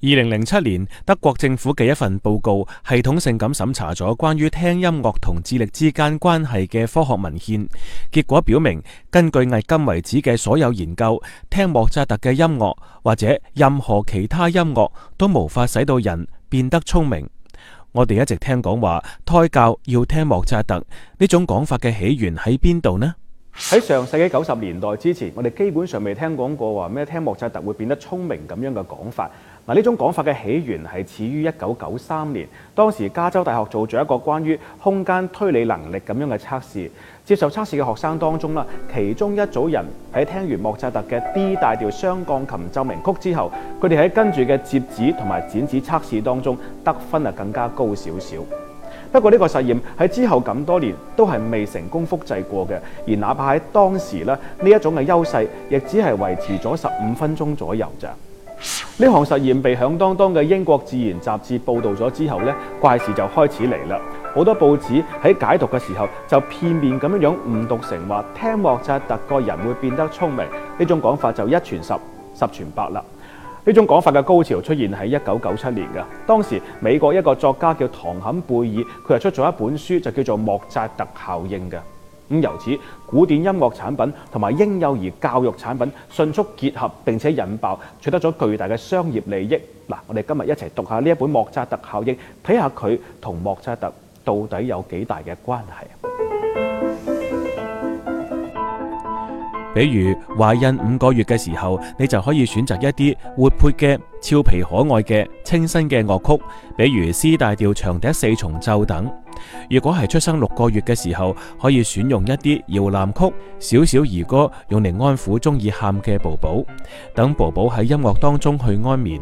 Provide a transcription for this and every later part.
二零零七年，德國政府嘅一份報告系統性咁審查咗關於聽音樂同智力之間關係嘅科學文獻。結果表明，根據迄今為止嘅所有研究，聽莫扎特嘅音樂或者任何其他音樂都無法使到人變得聰明。我哋一直聽講話胎教要聽莫扎特，呢種講法嘅起源喺邊度呢？喺上世紀九十年代之前，我哋基本上未聽講過話咩聽莫扎特會變得聰明咁樣嘅講法。嗱，呢種講法嘅起源係始於一九九三年，當時加州大學做咗一個關於空間推理能力咁樣嘅測試。接受測試嘅學生當中啦，其中一組人喺聽完莫扎特嘅 D 大調雙鋼琴奏鳴曲之後，佢哋喺跟住嘅摺紙同埋剪紙測試當中得分啊更加高少少。不過呢個實驗喺之後咁多年都係未成功複製過嘅，而哪怕喺當時呢，呢一種嘅優勢，亦只係維持咗十五分鐘左右咋。呢項實驗被響當當嘅英國自然雜誌報導咗之後，呢怪事就開始嚟啦！好多報紙喺解讀嘅時候，就片面咁樣樣誤讀成話聽莫扎特個人會變得聰明，呢種講法就一傳十，十傳百啦！呢種講法嘅高潮出現喺一九九七年嘅，當時美國一個作家叫唐坎貝爾，佢係出咗一本書就叫做莫扎特效應嘅。咁由此古典音樂產品同埋嬰幼兒教育產品迅速結合並且引爆，取得咗巨大嘅商業利益。嗱，我哋今日一齊讀下呢一本莫扎特效應，睇下佢同莫扎特到底有幾大嘅關係。比如懷孕五個月嘅時候，你就可以選擇一啲活潑嘅、俏皮可愛嘅、清新嘅樂曲，比如 C 大調長笛四重奏等。如果係出生六個月嘅時候，可以選用一啲搖籃曲、小小兒歌，用嚟安撫中意喊嘅寶寶，等寶寶喺音樂當中去安眠。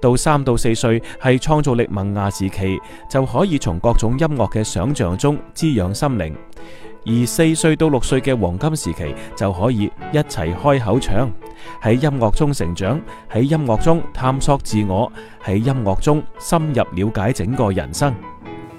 到三到四歲係創造力萌芽時期，就可以從各種音樂嘅想象中滋養心靈。而四歲到六歲嘅黃金時期，就可以一齊開口唱，喺音樂中成長，喺音樂中探索自我，喺音樂中深入了解整個人生。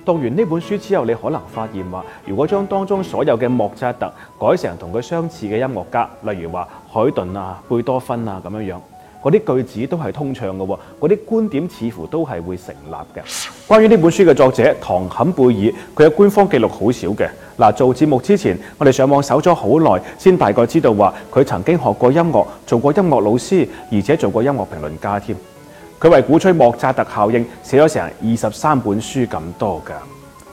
讀完呢本書之後，你可能發現話，如果將當中所有嘅莫扎特改成同佢相似嘅音樂家，例如話海頓啊、貝多芬啊咁樣樣，嗰啲句子都係通暢嘅，嗰啲觀點似乎都係會成立嘅。關於呢本書嘅作者唐坎貝爾，佢嘅官方記錄好少嘅。嗱，做節目之前，我哋上網搜咗好耐，先大概知道話，佢曾經學過音樂，做過音樂老師，而且做過音樂評論家添。佢為鼓吹莫扎特效應寫咗成二十三本書咁多噶，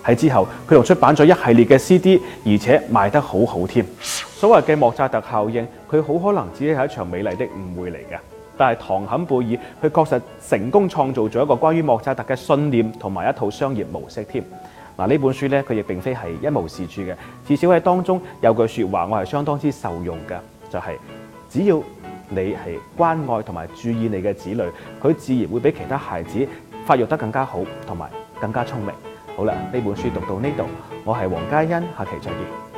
喺之後佢仲出版咗一系列嘅 CD，而且賣得好好添。所謂嘅莫扎特效應，佢好可能只係一場美麗的誤會嚟嘅。但係唐坎貝爾佢確實成功創造咗一個關於莫扎特嘅信念同埋一套商業模式添。嗱呢本書呢，佢亦並非係一無是處嘅，至少喺當中有句說話我係相當之受用嘅，就係只要。你係關愛同埋注意你嘅子女，佢自然會比其他孩子發育得更加好，同埋更加聰明。好啦，呢本書讀到呢度，我係黃嘉欣，下期再見。